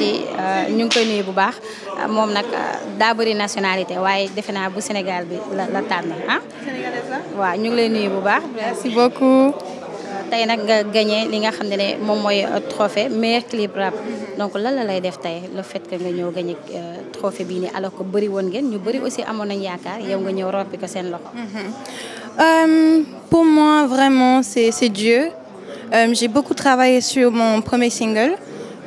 di euh, ñu ngi koy nuyu bu baax moom nag euh, daa bëri nationalité waaye defe naa bu Sénégal bi la la tànn ah. waaw ñu ngi lay nuyu bu baax. merci beaucoup. Euh, tey nag nga gagné li nga xam ne moom mooy trophée meilleur clip rap donc lan la lay def tey le fait que nga ñëw gagné trophée bii nii alors que bari woon ngeen ñu bëri aussi amoon nañ yaakaar yow nga ñëw roppi ko seen loxo. Mm-hmm. pour moi vraiment c'est Dieu j'ai beaucoup travaillé sur mon premier single.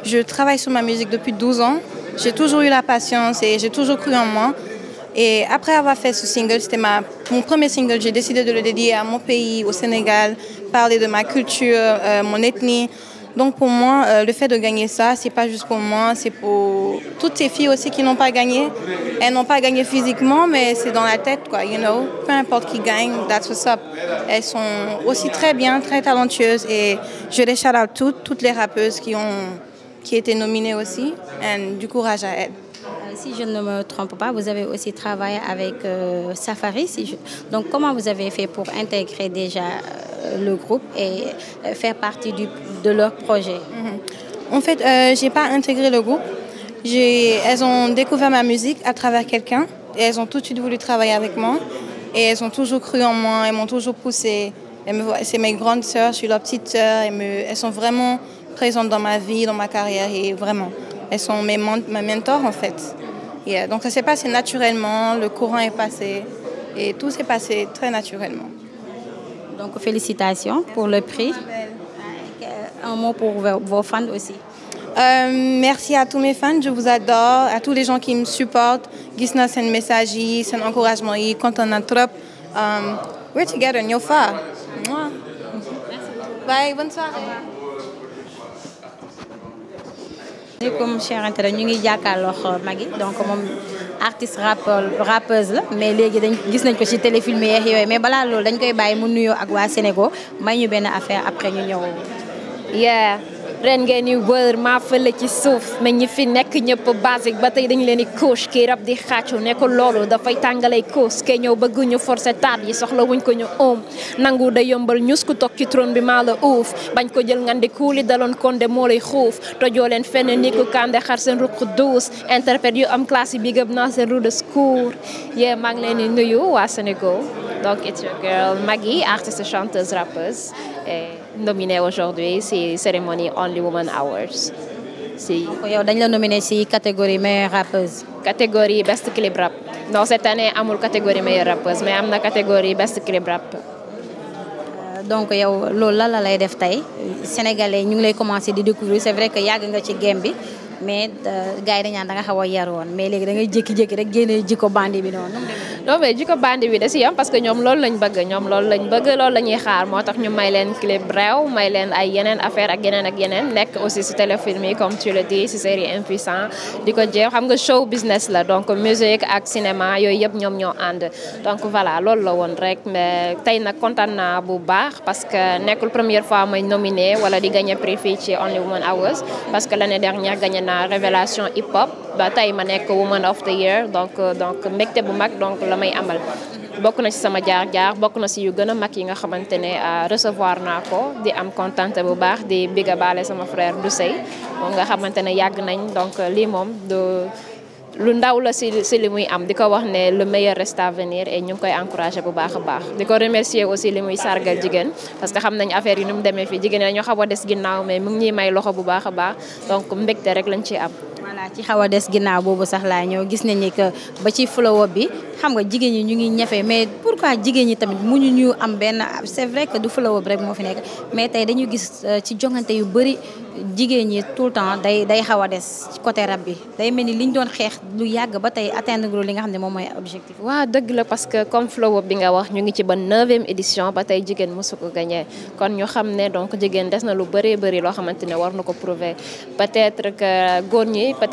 Je travaille sur ma musique depuis 12 ans. J'ai toujours eu la patience et j'ai toujours cru en moi. Et après avoir fait ce single, c'était mon premier single, j'ai décidé de le dédier à mon pays, au Sénégal, parler de ma culture, euh, mon ethnie. Donc pour moi, euh, le fait de gagner ça, c'est pas juste pour moi, c'est pour toutes ces filles aussi qui n'ont pas gagné. Elles n'ont pas gagné physiquement, mais c'est dans la tête, quoi, you know. Peu importe qui gagne, that's what's up. Elles sont aussi très bien, très talentueuses et je les shout out toutes, toutes les rappeuses qui ont qui était nominée aussi, and du courage à elle. Euh, si je ne me trompe pas, vous avez aussi travaillé avec euh, Safari. Si je... Donc comment vous avez fait pour intégrer déjà euh, le groupe et euh, faire partie du, de leur projet mm -hmm. En fait, euh, j'ai je n'ai pas intégré le groupe. Elles ont découvert ma musique à travers quelqu'un et elles ont tout de suite voulu travailler avec moi. Et elles ont toujours cru en moi, elles m'ont toujours poussée. Me... C'est mes grandes sœurs, je suis leur petite sœur. Elles, me... elles sont vraiment présentes dans ma vie, dans ma carrière et vraiment, elles sont mes, mes mentors en fait. Euh, donc ça passé naturellement, le courant est passé et tout s'est passé très naturellement. Donc félicitation pour le prix. Euh, un mot pour vos fans aussi. Euh, merci à tous mes fans, je vous adore, à tous les gens qui me supportent. Gis na seen message yi seen encouragement yi kontaan na trop. Euh, we're together, bonne soirée. comme Cheikh Anta ñu ngi jàkkaarloo Magui donc moom artiste rappeur rappeuse la mais léegi dañ gis nañ ko ci téléfilm yeex yooyu mais balaa loolu dañ koy bàyyi mu nuyoo ak waa Sénégal may ñu benn affaire après ñu ñëwoo yeah ren ngeen di wër maa fële ci suuf mais ñi fi nekk ñëpp basique ba tey dañu leen di coach kii rab di xàccu ne ko loolu dafay tàngalay coach ke ñëw bëgg ñu forcer taat yi soxla wuñ ko ñu oom nangu da yombal ñus ku toog ci trône bi maa la uuf bañ ko jël ngan di kuuli daloon konde moo lay xuuf tojoo leen fenn ni ku kande xar seen ruq duus interprète yu am classe yi bi gëb naa seen roue de secours yee maa ngi leen di nuyu waa Sénégal donc it's your girl Maggy artiste chanteuse rappeuse nominé aujourd'hui si cérémonie Only Woman Awards si. yow dañ la nominé si catégorie meilleure rappeuse. catégorie best clip rap non cette année amul catégorie meilleure rappeuse mais am na catégorie best clip rap. Euh, donc yow loolu la la lay def tey sénégalais ñu ngi lay commencé di découvrir c'est vrai que yàgg nga ci game bi. mais euh, gars da nga xaw a yar woon mais léegi da jékki-jékki rek génnee jikko bandi bi noonu. mais jikko bandi bi da si am parce que ñoom loolu lañ bëgg ñoom loolu lañ bëgg loolu la ñuy xaar moo tax ñu may leen clip réew may leen ay yeneen affaire ak yeneen ak yeneen nekk aussi si téléfilm yi comme tu le dis si série impuissant di ko jeex xam nga show business la donc musique ak cinéma yooyu yëpp ñoom ñoo ànd donc voilà loolu la woon rek mais tey nag kontaan naa bu baax parce que nekkul première fois may nominé wala di gagné prix fii ci naa révélation hip hop ba tey ma nekk woman of the year donc euh, donc mbégte bu mag donc la may amal bokk na ci sama jaar-jaar bokk na ci yu gën a mag yi nga xamante ne euh, recevoir naa ko di am contente bu baax di biga baale sama frère Doucey moom nga xamante ne yàgg nañ donc lii moom du lu ndaw la si si li muy am di ko wax ne le meilleur reste à et ñu ngi koy encouragé bu baax a baax di ko remercier aussi li muy sargal jigéen parce que xam nañu affaire yi nu mu demee fii jigéen ñoo xaw a des ginnaaw mais mu ngi ñuy may loxo bu baax a baax donc mbégte rek lañ ciy am. voilà ci xaw a des ginnaaw boobu sax laa ñëw gis nañ ni que ba ci flow bi xam nga jigéen ñi ñu ngi ñefe mais pourquoi jigéen ñi tamit mu ñu ñu am benn c'est vrai que du flow bi rek moo fi nekk mais tey dañu gis euh, ci jongante yu bëri jigéen ñi tout le temps day day xaw a des ci rab bi day mel ni li liñ doon xeex lu yàgg ba tey atteindre li nga xam ne moom mooy objectif. waaw dëgg la parce que comme flow bi nga wax ñu ngi ci ba neuvième édition ba tey jigéen mosu ko gagné kon ñu xam ne donc jigéen des na lu bëree bëri loo xamante ne war na ko prouver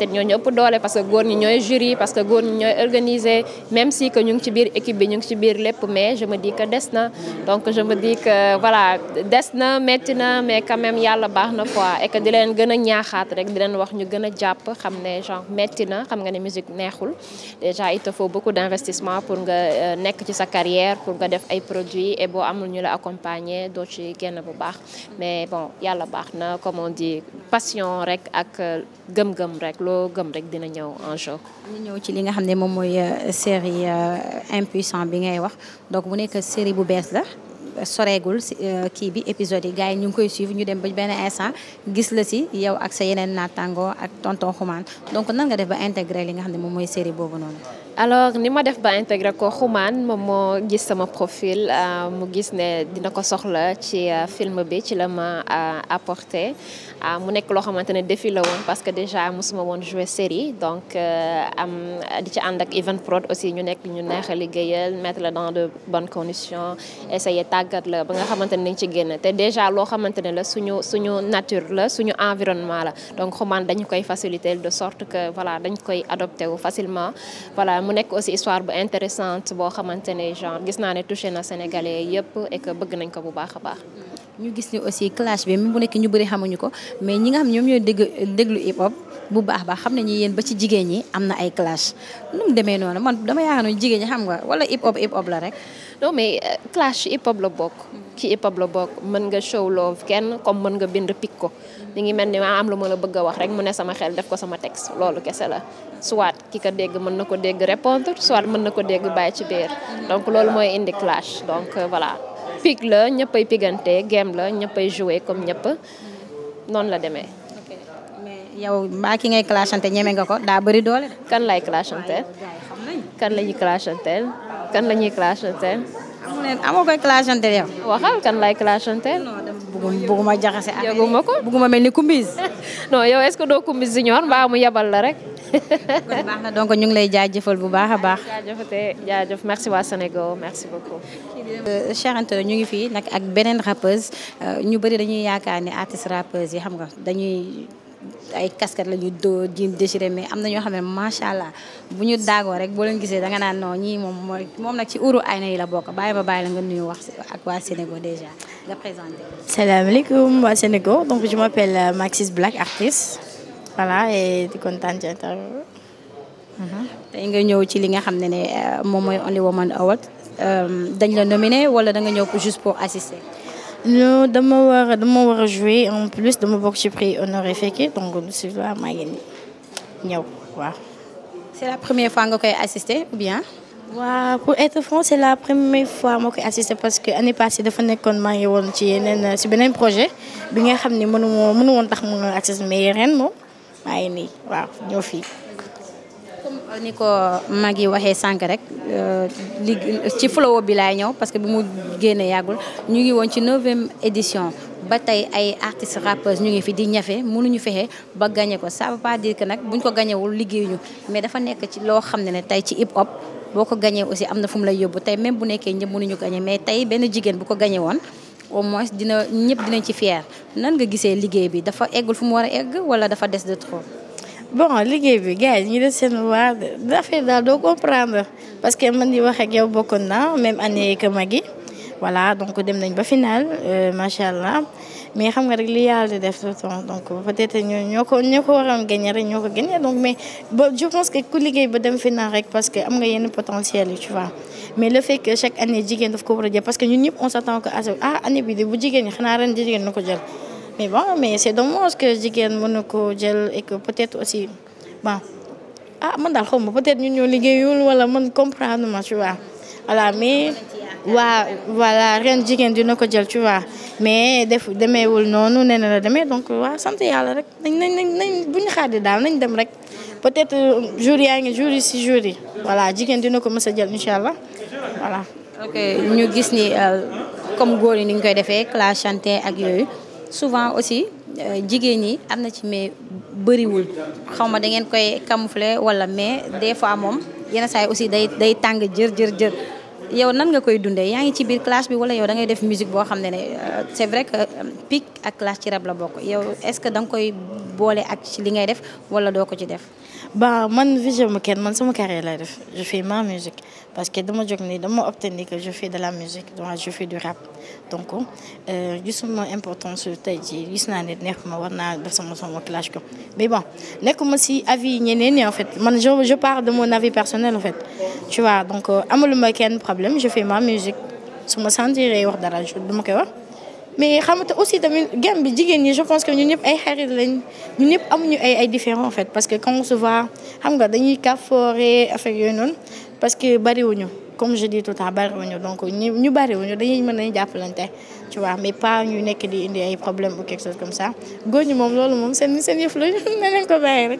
xamante ni ëpp doole parce que góor ñi ñooy jury parce que góor ñi ñooy organiser même si ñu ngi ci biir équipe bi ñu ngi ci biir lépp mais je me dis ko des na donc je me dis que voilà des na métti na mais quand même yàlla baax na quoi et di leen gën a ñaaxaat rek di leen wax ñu gën a jàpp xam ne genre metti na xam nga ne musique neexul déjà il te faut beaucoup d'investissement pour nga euh, nekk ci sa carrière pour nga def ay produit et boo amul ñu la accompagner doo génn bu baax mais bon yàlla baax na comme on dit passion rek ak euh, gëm-gëm loo gëm rek dina ñëw un jour. ñu ci li nga xam ne moom mooy euh, série euh, impuissant bi ngay wax donc bu nekk série bu bees la. soreegul euh, kii bi épisode yi gars yi ñu ngi koy suivre ñu dem ba benn instant gis la si yow ak sa yeneen naataango ak tonton xumaan donc nan nga def ba intégré li nga xam ne moom mooy série boobu noonu. alors ni ma def ba intégré ko xumaan moom moo gis sama profil euh, mu gis ne dina ko soxla ci euh, film bi ci la ma euh, apporté mu nekk loo xamante ne défi la woon parce que déjà mosuma woon jouer série donc am di ci ànd ak Even Prod aussi ñu nekk ñu neex a liggéeyal mettre la dans de bonnes conditions essayer tàggat la ba nga xamante ne dañ ci génn te déjà loo xamante ne la suñu suñu nature la suñu environnement la donc xumaan dañu koy faciliter de sorte que voilà dañ koy adopté wu facilement mu nekk aussi histoire bu intéressante boo xamante ne genre gis naa ne touché na sénégalais yëpp et bëgg nañ ko bu baax a baax. ñu gis ni aussi clash bi même bu nekk ñu bëri xamuñu ko mais ñi nga xam ñoom ñooy dégg déglu hip hop. bu baax baax xam nañu yéen ba ci jigéen ñi am na ay clash nu mu demee noonu man dama yaakaar ne jigéen ñi xam nga wala hip hop hip hop la rek. non mais euh, clash hip hop la bokk. ci hip hop mën nga show kenn comme mën nga bind picc ko. mi ngi mel ni maa am lu ma la bëgg a wax rek mu ne sama xel def ko sama texte loolu kese la soit ki ko dégg mën na ko dégg répondre soit mën na ko dégg bàyyi ci biir donc loolu mooy indi clash donc euh, voilà. pic la ñëppay pigante game la ñëppay jouer comme ñëpp noonu la demee. yow mbaa ki ngay clashante ñeme nga ko daa bëri doole. kan lay clashanteel kan la ñuy clashanteel kan la ñuy clashanteel. amu leen amoo koy clashanteel yow. waxal kan lay clashanteel. bëgguma jaxase affaire yëguma ko bëgguma mel ni kumbis. yow est-ce que doo kumbis junior mbaa mu yebal la rek. kon na donc ñu ngi lay jëfal bu baax a baax. jaajëfate jaajëf merci waa Sénégal merci beaucoup. Euh, Cheikh Anta ñu ngi fii nag ak beneen rappeuse euh, ñu bëri dañuy yaakaar ne artiste rappeuse yi xam nga dañuy. ay casquette la ñu dóor jean déchiré mais am na ñoo xam ne macha allah bu ñu daagoo rek boo leen gisee da nga naan non ñii moom mooy moom nag ci uru ay na yi la bokk bàyyi ba bàyyi la nga nuyu wax ak waa Sénégal déjà nga présenté. salaamaaleykum waa Sénégal donc je m'appelle euh, Maxis Black artiste voilà et di kontaan ci mhm. tey nga ñëw ci li nga xam ne ne euh, moom mooy Only Woman Award euh, dañ la nominé wala da nga ñëw juste pour assister. non dama war a dama war a jouer en plus dama bokk ci prix honoré fekke donc si waaw maa ngi ñëw waaw. c'est la première fois nga koy assister ou bien. waaw pour être franc c'est la première fois moo koy assister parce que année passée dafa nekkoon maa ngi woon ci yeneen si beneen projet bi nga xam ne mënu ma mënu woon tax mu assister mais ren moom maa ngi nii waaw ñëw fii. ni ko mag yi waxee sànq rek euh, li ci flow bi laay ñëw parce que bu mu génne yàggul ñu ngi woon ci neuvième édition ba tey ay artistes rappeurs ñu ngi fi di ñafe mënuñu fexe ba gagné ko ça veut pas dire que nag buñ ko gañewul liggéeyuñu mais dafa nekk ci loo xam ne ne tey ci hip hop boo ko gañee aussi am na fu mu lay yóbbu tey même bu nekkee ñëpp mënuñu gañe mais tey benn jigéen bu ko gañe woon au moins dina ñëpp dinañ ci fier nan nga gisee liggéey bi dafa eggul fu mu war a egg wala dafa des de trop bon liggéey bi gars yi ñu def seen waa affaire daal doo comprendre parce que man di wax ak yow bokkoon naa même année que Magui voilà donc dem nañ ba final euh, macha allah mais xam nga rek li yàlla di def pense que ku liggéey ba dem final rek parce que am nga yenn potentiel yi tu vois. mais le fait chaque année jigéen daf ko war a jël parce que ñun ñëpp on s'attend que ah année bi de bu jigéen ñi xanaa ren jigéen na ko jol mais bon mais c'est dommage que jigéen na ko jël et que peut-être aussi bon ah man daal xaw ma peut-être ñun ñoo liggéeyul wala man comprendre ma tu vois voilà mais. waa voilà ren jigéen dina ko jël tu vois mais def demeewul noonu nee na la demee donc waa sant yàlla rek nañ nañ nañ bu ñu xaar daal nañ dem rek peut-être euh, jour yaa ngi jour si jour yi voilà jigéen dina ko mës a jël incha allah voilà. ñu gis ni euh, comme góor yi ni ñu koy defee clashante ak yooyu. souvent aussi euh, jigéen ñi am na ci mais bëriwul xaw ma da ngeen koy camoufler wala mais des fois moom yenn saa yi aussi day day tàng jër jër jër. yow nan nga koy dundee yaa ngi ci biir classe bi wala yow da ngay def musique boo xam ne ne euh, c'est vrai que euh, pic ak classe ci rab la bokk yow est-ce que da nga koy boole ak ci li ngay def wala doo ko ci def. ba man vision ma kenn man sama carrière ma musique parce que dama jóg nii dama obtenir de la musique donc je fais du rap donc euh, gisuma importance tey jii naa ne nekk ma war naa def sama sama clash ko mais bon nekkuma si avis ñeneen ñi en fait man je parle de mon avis personnel en fait tu vois donc amuluma kenn problème. problème je fais ma musique su ma sentiree wax dara du ma koy wax mais xam aussi tamit game bi jigéen ñi je pense que ñu ñëpp ay xarit lañ ñun ñëpp amuñu ay ay différents en parce que quand on se voit xam nga dañuy kafoore affaire yooyu noonu parce que bariwuñu comme je dis tout le temps bariwuñu donc ñu ñu bariwuñu dañuy mën nañu jàppalante tu vois mais pas ñu nekk di indi ay problème ou quelque chose comme ça góor moom loolu moom seen yëf la ñu ne ko bàyyi rek.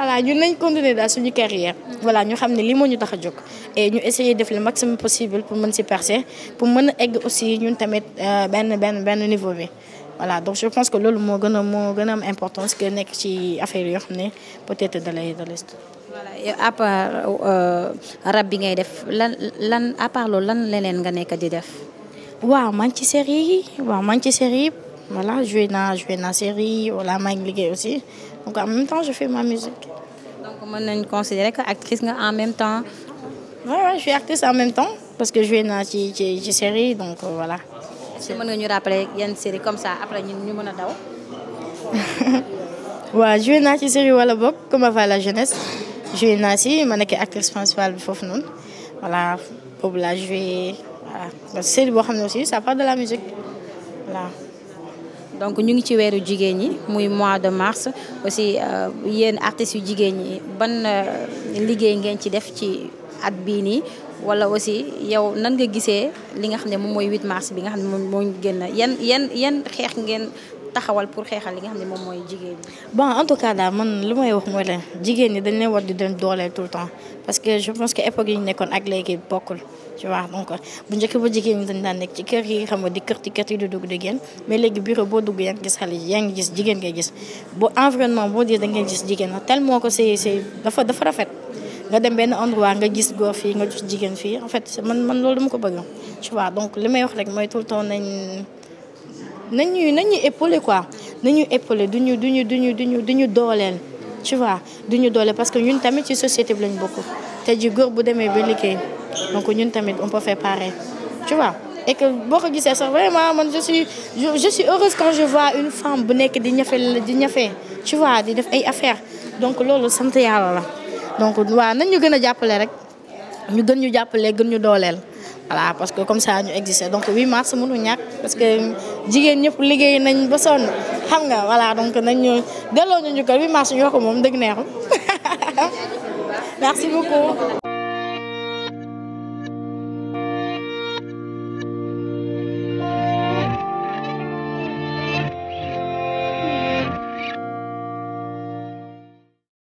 voilà ñun nañ continuer daal suñu carrière voilà ñu xam ne lii moo ñu tax a jóg et ñu essayer def le maximum possible pour mën si percer pour mën a egg aussi ñu tamit euh, benn benn benn niveau bi voilà donc je pense que loolu moo gën a moo gën am importance que nekk ci affaire yoo xam ne peut-être dalay dalay voilà à part euh, def lan lan à part loolu lan nga nekk di def. waaw maa ngi ci série yi waaw maa ngi ci série yi voilà joué série voilà maa liggéey aussi donc en même temps je fais ma musique. mën nañ considérer que actrice nga en même temps. waaw ouais, ouais, je en même temps parce que joué naa ci ci ci série euh, si mën nga ñu rappeler yenn série comme ça après ñun ñu mën a daw. waaw joué naa ci série wala boog comment va la jeunesse joué naa si ma nekk actrice principale bi foofu noonu voilà boobu laa joué voilà série boo xam ne aussi ça parle la musique voilà. donc ñu ngi ci weeru jigéen ñi muy mois de mars aussi euh, yéen artistes yu jigéen ñi ban euh, liggéey ngeen ci def ci at bii nii wala aussi yow nan nga gisee li nga xam ne moom mooy 8 mars bi nga xam ne moom moo génn yan yan yan xeex ngeen taxawal pour xeexal li nga xam ne moom mooy jigéen ñi. bon en tout cas daal man lu may wax mooy leen jigéen ñi dañ leen war di dem dooleel tout le temps parce que je pense que époque yi nekkoon ak léegi bokkul ci kër da ngay gis jigéen tellement que c'est c'est dafa dafa rafet. nga dem benn endroit nga gis góor fii nga donc li may wax rek mooy tout le temps nañuy nañuy épauler quoi nañuy épauler duñu duñu duñu duñu ñu dooleel tu vois duñu doole parce que ñun tamit ci société bi lañ bokk te ji góor bu demee ba liggéey donc ñun tamit on peut faire pareil tu vois et que boo ko gisee sax vraiment man je suis je, je suis heureuse quand je vois une femme bu nekk di ñafe di ñafe tu vois di def ay affaires donc loolu sant yàlla la donc waaw nañ ñu gën a jàppale rek ñu gën ñu jàppale gën ñu dooleel. voilà parce que comme ça ñu existé donc 8 mars mënu ñàkk parce que jigéen ñëpp liggéey nañ ba sonn xam nga voilà donc nañ ñu delloo ñu njukkal 8 mars ñu wax moom dëgg neexul merci beaucoup